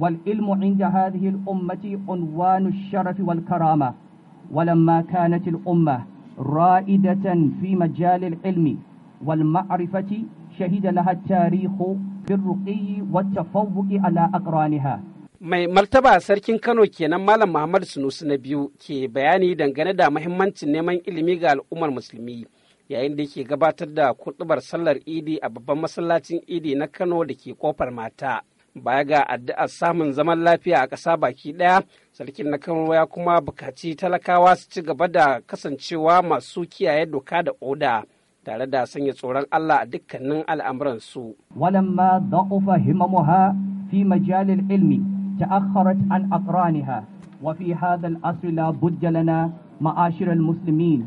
والعلم عند هذه الأمة عنوان الشرف والكرامة ولما كانت الأمة رائدة في مجال العلم والمعرفة شهد لها التاريخ بالرقي والتفوق على أقرانها mai martaba sarkin kano kenan malam muhammad sunusi na biyu ke bayani dangane da mahimmancin neman ilimi ga al'ummar musulmi yayin da yake gabatar da kuɗubar sallar idi a babban masallacin idi na kano da ke kofar mata baya ga addu'ar samun zaman lafiya a ƙasa baki ɗaya sarkin na ya kuma bukaci talakawa su ci gaba da kasancewa masu kiyaye doka da oda tare da sanya tsoron Allah a dukkanin al'amuransu. Walamma da'ufa himamuha fi majalil ilmi ta'akharat an aqraniha wa fi hadha al-asr la budda lana ma'ashir al-muslimin.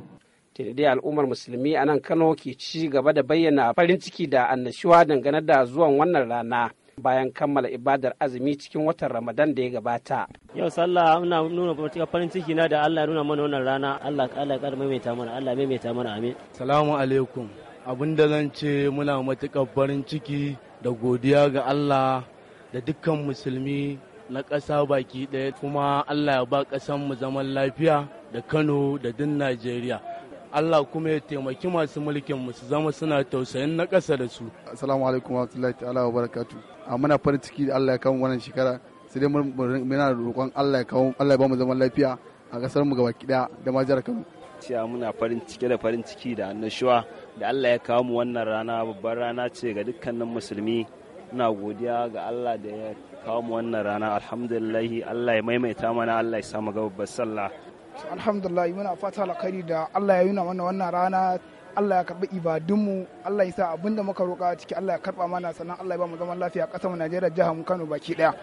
al'ummar musulmi a nan Kano ke ci gaba da bayyana farin ciki da annashuwa dangane da zuwan wannan rana. bayan kammala ibadar azumi cikin watan Ramadan da ya gabata. Yau sallah muna nuna matuƙar farin ciki na da Allah nuna mana wannan rana Allah Allah ya maimaita mana Allah maimaita mana amin. Salamu alaikum. Abin da zan ce muna matuƙar farin ciki da godiya ga Allah da dukkan musulmi na ƙasa baki ɗaya kuma Allah ya ba ƙasanmu zaman lafiya da Kano da din Najeriya. Allah kuma ya taimaki masu mulkin mu su zama suna tausayin na ƙasa da su assalamu alaikum wa rahmatullahi ta'ala wa barakatu a muna farin ciki da Allah ya kawo wannan shekara sai dai muna roƙon Allah ya kawo Allah ya ba mu zaman lafiya a ƙasar mu gaba kida da ma jihar Kano cewa muna farin ciki da farin ciki da annashuwa da Allah ya kawo mu wannan rana babbar rana ce ga dukkanin musulmi ina godiya ga Allah da ya kawo mu wannan rana alhamdulillah Allah ya maimaita mana Allah ya sa mu ga babbar sallah alhamdulillah muna fata alkhairi da Allah ya yi mana wannan rana Allah ya karbi ibadunmu Allah ya sa abinda muka roƙa ciki Allah ya karba mana sannan Allah ya ba mu zaman lafiya ƙasar mu Najeriya jihar mu Kano baki daya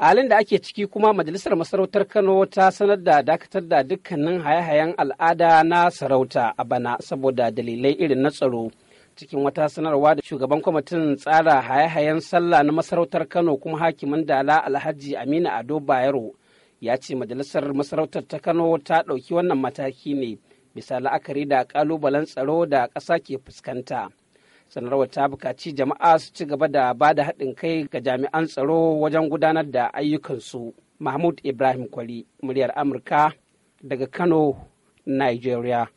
halin da ake ciki kuma majalisar masarautar kano ta sanar da dakatar da dukkanin hayayen al'ada na sarauta a bana saboda dalilai irin na tsaro cikin wata sanarwa da shugaban kwamitin tsara haye-hayen sallah na masarautar kano kuma hakimin dala alhaji aminu ado bayero ya ce majalisar masarautar ta kano ta ɗauki wannan mataki ne bisa la'akari da ƙalubalen tsaro da ƙasa ke fuskanta sanarwar ta buƙaci jama'a su ci gaba da ba da haɗin kai ga jami'an tsaro wajen gudanar da ayyukansu mahmud ibrahim kwari muryar amurka daga kano nigeria